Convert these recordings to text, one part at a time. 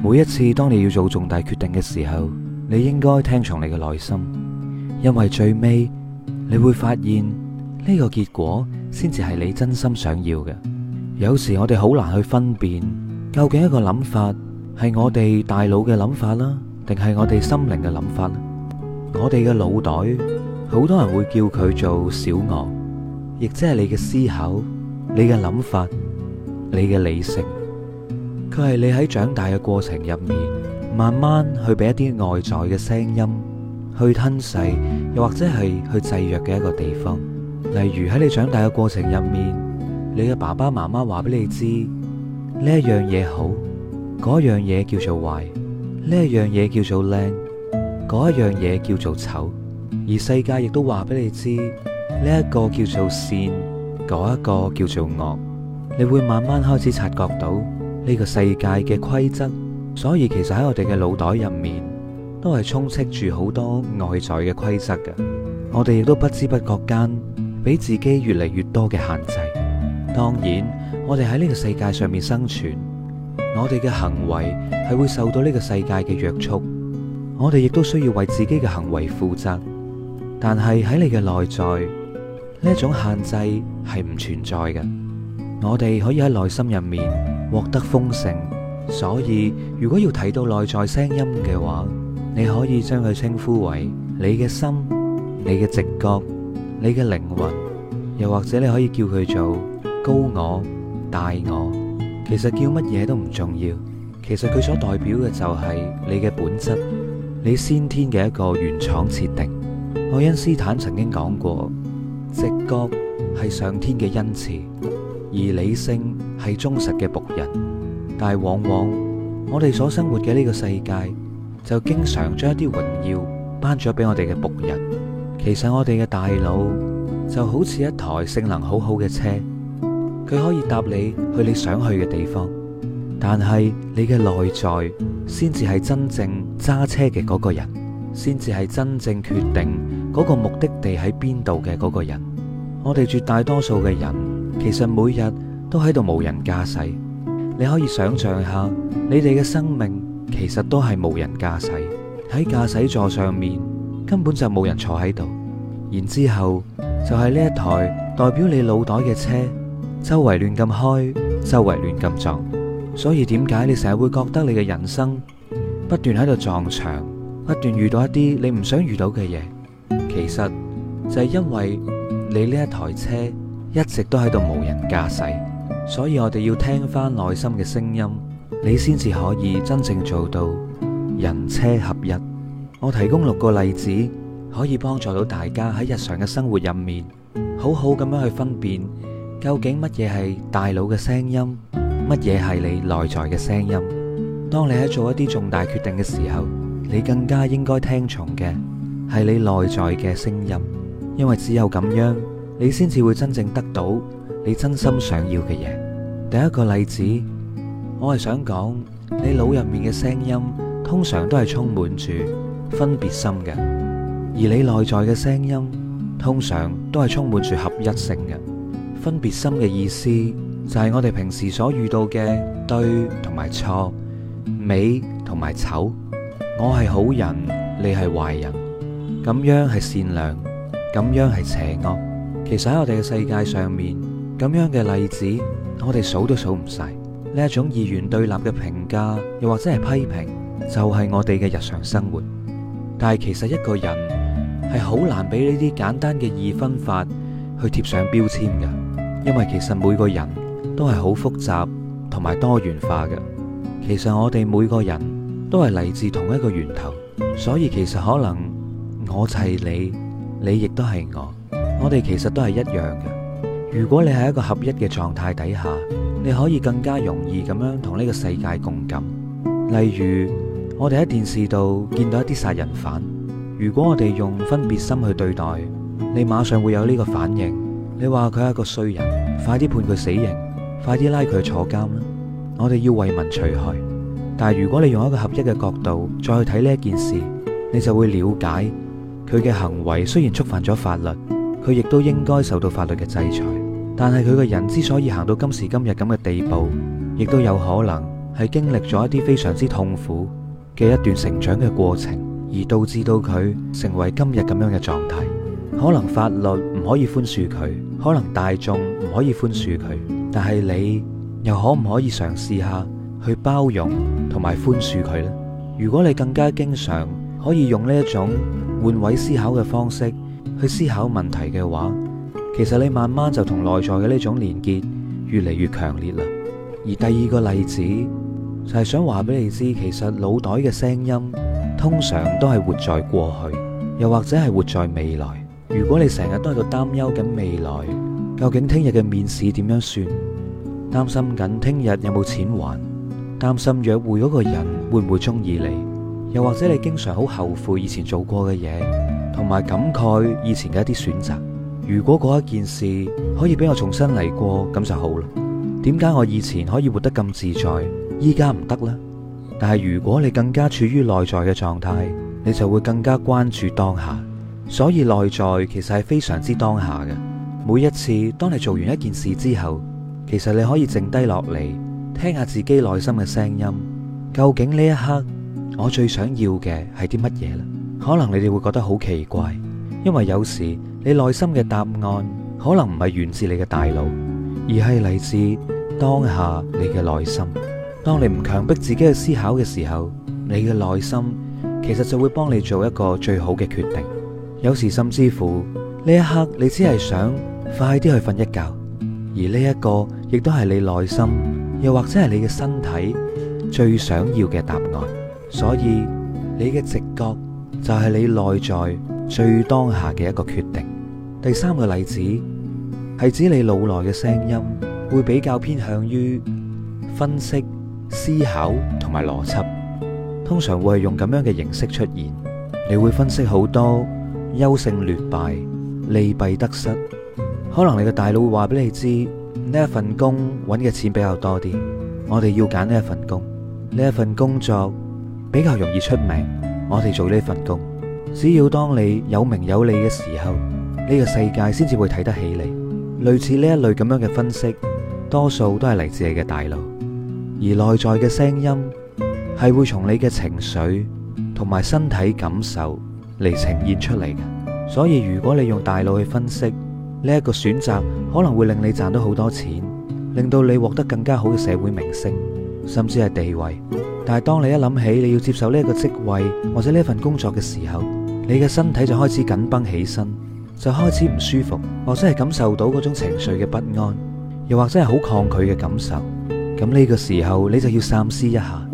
每一次當你要做重大決定嘅時候，你應該聽從你嘅內心，因為最尾你會發現呢個結果先至係你真心想要嘅。有時我哋好難去分辨究竟一個諗法係我哋大腦嘅諗法啦，定係我哋心靈嘅諗法呢。我哋嘅腦袋，好多人會叫佢做小我，亦即係你嘅思考、你嘅諗法、你嘅理性。佢係你喺長大嘅過程入面，慢慢去俾一啲外在嘅聲音去吞噬，又或者係去制約嘅一個地方。例如喺你長大嘅過程入面，你嘅爸爸媽媽話俾你知呢一樣嘢好，嗰一樣嘢叫做壞，呢一樣嘢叫做靚，嗰一樣嘢叫做醜。而世界亦都話俾你知呢一個叫做善，嗰一個叫做惡。你會慢慢開始察覺到。呢個世界嘅規則，所以其實喺我哋嘅腦袋入面，都係充斥住好多外在嘅規則嘅。我哋亦都不知不覺間，俾自己越嚟越多嘅限制。當然，我哋喺呢個世界上面生存，我哋嘅行為係會受到呢個世界嘅約束，我哋亦都需要為自己嘅行為負責。但係喺你嘅內在，呢種限制係唔存在嘅。我哋可以喺內心入面，獲得豐盛，所以如果要提到內在聲音嘅話，你可以將佢稱呼為你嘅心、你嘅直覺、你嘅靈魂，又或者你可以叫佢做高我、大我。其實叫乜嘢都唔重要，其實佢所代表嘅就係你嘅本質，你先天嘅一個原廠設定。愛因 斯坦曾經講過，直覺係上天嘅恩賜，而理性。係忠實嘅僕人，但係往往我哋所生活嘅呢個世界就經常將一啲榮耀頒咗俾我哋嘅僕人。其實我哋嘅大腦就好似一台性能好好嘅車，佢可以搭你去你想去嘅地方，但係你嘅內在先至係真正揸車嘅嗰個人，先至係真正決定嗰個目的地喺邊度嘅嗰個人。我哋絕大多數嘅人其實每日都喺度無人駕駛，你可以想象下，你哋嘅生命其實都係無人駕駛，喺駕駛座上面根本就冇人坐喺度，然之後就係呢一台代表你腦袋嘅車，周圍亂咁開，周圍亂咁撞，所以點解你成日會覺得你嘅人生不斷喺度撞牆，不斷遇到一啲你唔想遇到嘅嘢？其實就係因為你呢一台車一直都喺度無人駕駛。所以我哋要聽翻內心嘅聲音，你先至可以真正做到人車合一。我提供六個例子，可以幫助到大家喺日常嘅生活入面，好好咁樣去分辨究竟乜嘢係大腦嘅聲音，乜嘢係你內在嘅聲音。當你喺做一啲重大決定嘅時候，你更加應該聽從嘅係你內在嘅聲音，因為只有咁樣，你先至會真正得到。你真心想要嘅嘢。第一個例子，我係想講，你腦入面嘅聲音通常都係充滿住分別心嘅，而你內在嘅聲音通常都係充滿住合一性嘅。分別心嘅意思就係我哋平時所遇到嘅對同埋錯、美同埋醜。我係好人，你係壞人，咁樣係善良，咁樣係邪惡。其實喺我哋嘅世界上面。咁樣嘅例子，我哋數都數唔晒。呢一種二元對立嘅評價，又或者係批評，就係我哋嘅日常生活。但係其實一個人係好難俾呢啲簡單嘅二分法去貼上標籤嘅，因為其實每個人都係好複雜同埋多元化嘅。其實我哋每個人都係嚟自同一個源頭，所以其實可能我就係你，你亦都係我，我哋其實都係一樣嘅。如果你喺一個合一嘅狀態底下，你可以更加容易咁樣同呢個世界共感。例如，我哋喺電視度見到一啲殺人犯，如果我哋用分別心去對待，你馬上會有呢個反應。你話佢係一個衰人，快啲判佢死刑，快啲拉佢坐監啦！我哋要為民除害。但係如果你用一個合一嘅角度再去睇呢一件事，你就會了解佢嘅行為雖然觸犯咗法律，佢亦都應該受到法律嘅制裁。但係佢嘅人之所以行到今時今日咁嘅地步，亦都有可能係經歷咗一啲非常之痛苦嘅一段成長嘅過程，而導致到佢成為今日咁樣嘅狀態。可能法律唔可以寬恕佢，可能大眾唔可以寬恕佢，但係你又可唔可以嘗試下去包容同埋寬恕佢呢？如果你更加經常可以用呢一種換位思考嘅方式去思考問題嘅話，其實你慢慢就同內在嘅呢種連結越嚟越強烈啦。而第二個例子就係想話俾你知，其實腦袋嘅聲音通常都係活在過去，又或者係活在未來。如果你成日都喺度擔憂緊未來，究竟聽日嘅面試點樣算？擔心緊聽日有冇錢還？擔心約會嗰個人會唔會中意你？又或者你經常好後悔以前做過嘅嘢，同埋感慨以前嘅一啲選擇。如果嗰一件事可以俾我重新嚟過，咁就好啦。點解我以前可以活得咁自在，依家唔得呢？但係如果你更加處於內在嘅狀態，你就會更加關注當下。所以內在其實係非常之當下嘅。每一次當你做完一件事之後，其實你可以靜低落嚟，聽下自己內心嘅聲音。究竟呢一刻我最想要嘅係啲乜嘢呢？可能你哋會覺得好奇怪。因為有時你內心嘅答案可能唔係源自你嘅大腦，而係嚟自當下你嘅內心。當你唔強迫自己去思考嘅時候，你嘅內心其實就會幫你做一個最好嘅決定。有時甚至乎呢一刻你只係想快啲去瞓一覺，而呢一個亦都係你內心又或者係你嘅身體最想要嘅答案。所以你嘅直覺就係你內在。最當下嘅一個決定。第三個例子係指你腦內嘅聲音會比較偏向於分析、思考同埋邏輯，通常會用咁樣嘅形式出現。你會分析好多優勝劣敗、利弊得失。可能你嘅大腦會話俾你知呢一份工揾嘅錢比較多啲，我哋要揀呢一份工。呢一份工作比較容易出名，我哋做呢份工。只要當你有名有利嘅時候，呢、這個世界先至會睇得起你。類似呢一類咁樣嘅分析，多數都係嚟自你嘅大腦，而內在嘅聲音係會從你嘅情緒同埋身體感受嚟呈現出嚟嘅。所以如果你用大腦去分析呢一、這個選擇，可能會令你賺到好多錢，令到你獲得更加好嘅社會名聲，甚至係地位。但係當你一諗起你要接受呢個職位或者呢份工作嘅時候，你嘅身體就開始緊繃起身，就開始唔舒服，或者係感受到嗰種情緒嘅不安，又或者係好抗拒嘅感受。咁呢個時候你就要三思一下，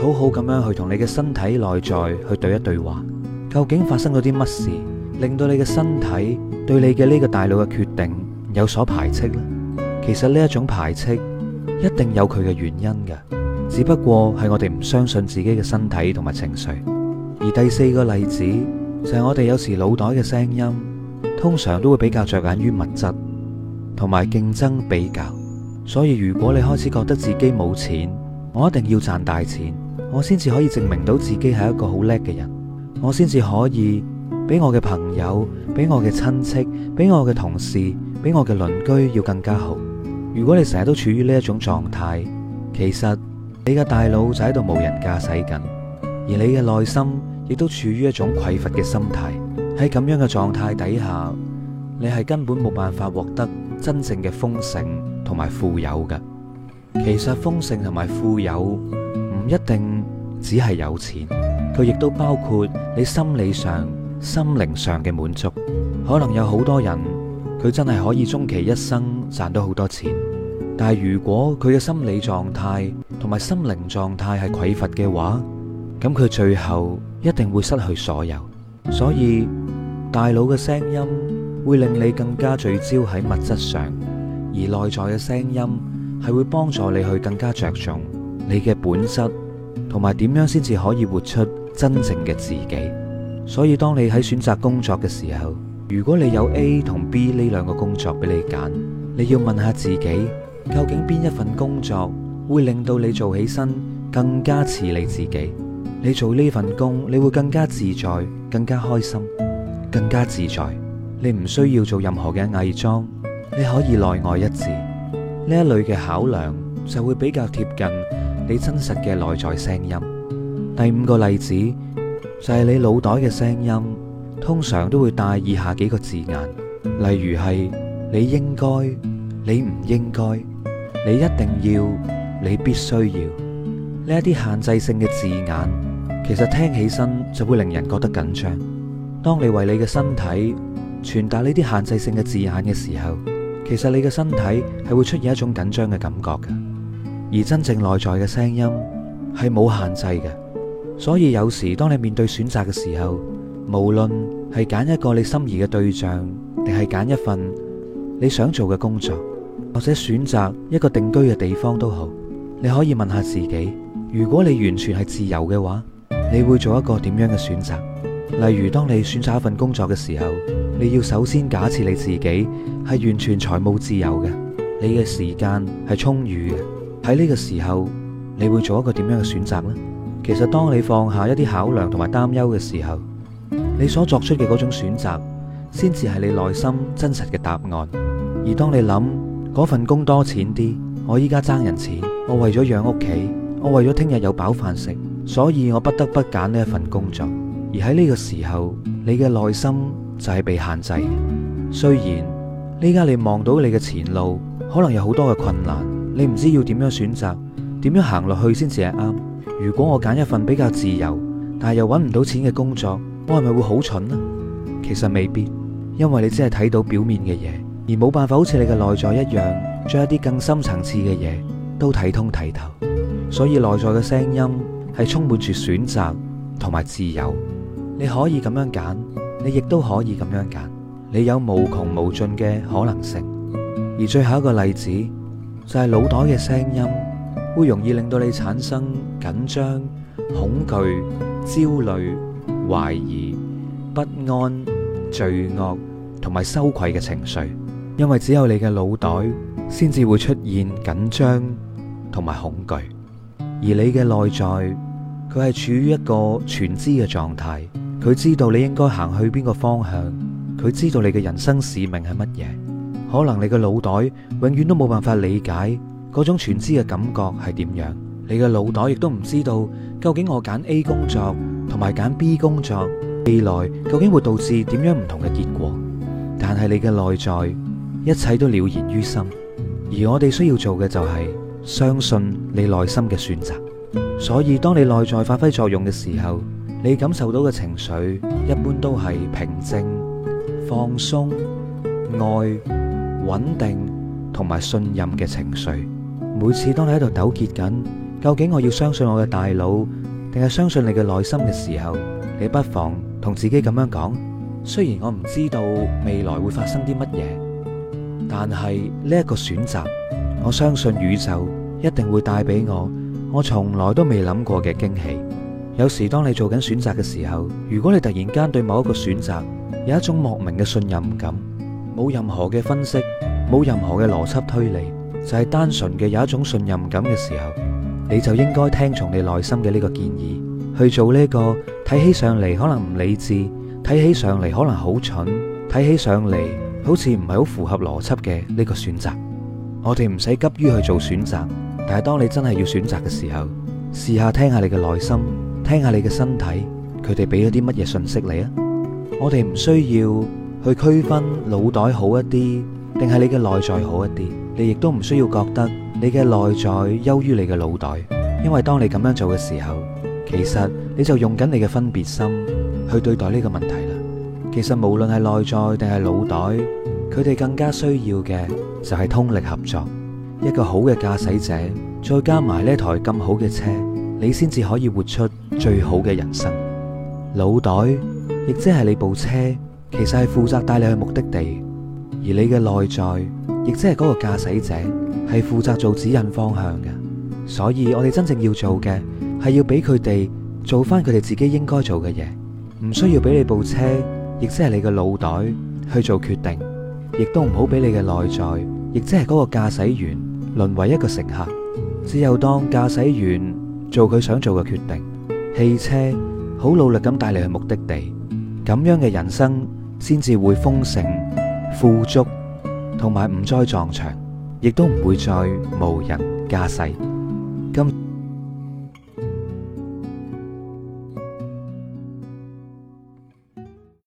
好好咁樣去同你嘅身體內在去對一對話，究竟發生咗啲乜事，令到你嘅身體對你嘅呢個大腦嘅決定有所排斥呢？其實呢一種排斥一定有佢嘅原因嘅。只不過係我哋唔相信自己嘅身體同埋情緒。而第四個例子就係我哋有時腦袋嘅聲音，通常都會比較着眼於物質同埋競爭比較。所以如果你開始覺得自己冇錢，我一定要賺大錢，我先至可以證明到自己係一個好叻嘅人，我先至可以俾我嘅朋友、俾我嘅親戚、俾我嘅同事、俾我嘅鄰居要更加好。如果你成日都處於呢一種狀態，其實。你嘅大腦就喺度無人駕駛緊，而你嘅內心亦都處於一種匱乏嘅心態。喺咁樣嘅狀態底下，你係根本冇辦法獲得真正嘅豐盛同埋富有嘅。其實豐盛同埋富有唔一定只係有錢，佢亦都包括你心理上、心靈上嘅滿足。可能有好多人，佢真係可以終其一生賺到好多錢。但係，如果佢嘅心理狀態同埋心靈狀態係匱乏嘅話，咁佢最後一定會失去所有。所以，大腦嘅聲音會令你更加聚焦喺物質上，而內在嘅聲音係會幫助你去更加着重你嘅本質同埋點樣先至可以活出真正嘅自己。所以，當你喺選擇工作嘅時候，如果你有 A 同 B 呢兩個工作俾你揀，你要問下自己。究竟邊一份工作會令到你做起身更加似你自己？你做呢份工，你會更加自在、更加開心、更加自在。你唔需要做任何嘅偽裝，你可以內外一致。呢一類嘅考量就會比較貼近你真實嘅內在聲音。第五個例子就係你腦袋嘅聲音，通常都會帶以下幾個字眼，例如係你應該、你唔應該。你一定要，你必須要，呢一啲限制性嘅字眼，其實聽起身就會令人覺得緊張。當你為你嘅身體傳達呢啲限制性嘅字眼嘅時候，其實你嘅身體係會出現一種緊張嘅感覺嘅。而真正內在嘅聲音係冇限制嘅，所以有時當你面對選擇嘅時候，無論係揀一個你心儀嘅對象，定係揀一份你想做嘅工作。或者選擇一個定居嘅地方都好，你可以問下自己：如果你完全係自由嘅話，你會做一個點樣嘅選擇？例如，當你選擇一份工作嘅時候，你要首先假設你自己係完全財務自由嘅，你嘅時間係充裕嘅。喺呢個時候，你會做一個點樣嘅選擇呢？其實，當你放下一啲考量同埋擔憂嘅時候，你所作出嘅嗰種選擇，先至係你內心真實嘅答案。而當你諗，嗰份工多錢啲，我依家爭人錢，我為咗養屋企，我為咗聽日有飽飯食，所以我不得不揀呢一份工作。而喺呢個時候，你嘅內心就係被限制。雖然而家你望到你嘅前路可能有好多嘅困難，你唔知要點樣選擇，點樣行落去先至係啱。如果我揀一份比較自由，但係又揾唔到錢嘅工作，我係咪會好蠢呢？其實未必，因為你只係睇到表面嘅嘢。而冇辦法，好似你嘅內在一樣，將一啲更深層次嘅嘢都睇通睇透。所以內在嘅聲音係充滿住選擇同埋自由，你可以咁樣揀，你亦都可以咁樣揀。你有無窮無盡嘅可能性。而最後一個例子就係腦袋嘅聲音，會容易令到你產生緊張、恐懼、焦慮、懷疑、不安、罪惡同埋羞愧嘅情緒。因為只有你嘅腦袋先至會出現緊張同埋恐懼，而你嘅內在佢係處於一個全知嘅狀態，佢知道你應該行去邊個方向，佢知道你嘅人生使命係乜嘢。可能你嘅腦袋永遠都冇辦法理解嗰種全知嘅感覺係點樣，你嘅腦袋亦都唔知道究竟我揀 A 工作同埋揀 B 工作，未來究竟會導致點樣唔同嘅結果。但係你嘅內在。一切都了然於心，而我哋需要做嘅就係相信你內心嘅選擇。所以，當你內在發揮作用嘅時候，你感受到嘅情緒一般都係平靜、放鬆、愛、穩定同埋信任嘅情緒。每次當你喺度糾結緊，究竟我要相信我嘅大腦，定係相信你嘅內心嘅時候，你不妨同自己咁樣講：雖然我唔知道未來會發生啲乜嘢。但係呢一個選擇，我相信宇宙一定會帶俾我，我從來都未諗過嘅驚喜。有時當你做緊選擇嘅時候，如果你突然間對某一個選擇有一種莫名嘅信任感，冇任何嘅分析，冇任何嘅邏輯推理，就係單純嘅有一種信任感嘅時候，你就應該聽從你內心嘅呢個建議，去做呢個睇起上嚟可能唔理智，睇起上嚟可能好蠢，睇起上嚟，好似唔係好符合邏輯嘅呢個選擇，我哋唔使急於去做選擇，但係當你真係要選擇嘅時候，試下聽下你嘅內心，聽下你嘅身體，佢哋俾咗啲乜嘢信息你啊？我哋唔需要去區分腦袋好一啲，定係你嘅內在好一啲，你亦都唔需要覺得你嘅內在優於你嘅腦袋，因為當你咁樣做嘅時候，其實你就用緊你嘅分別心去對待呢個問題。其實無論係內在定係腦袋，佢哋更加需要嘅就係通力合作。一個好嘅駕駛者，再加埋呢台咁好嘅車，你先至可以活出最好嘅人生。腦袋亦即係你部車，其實係負責帶你去目的地；而你嘅內在亦即係嗰個駕駛者，係負責做指引方向嘅。所以我哋真正要做嘅係要俾佢哋做翻佢哋自己應該做嘅嘢，唔需要俾你部車。亦即係你嘅腦袋去做決定，亦都唔好俾你嘅內在，亦即係嗰個駕駛員淪為一個乘客。只有當駕駛員做佢想做嘅決定，汽車好努力咁帶你去目的地，咁樣嘅人生先至會豐盛、富足，同埋唔再撞牆，亦都唔會再無人駕駛。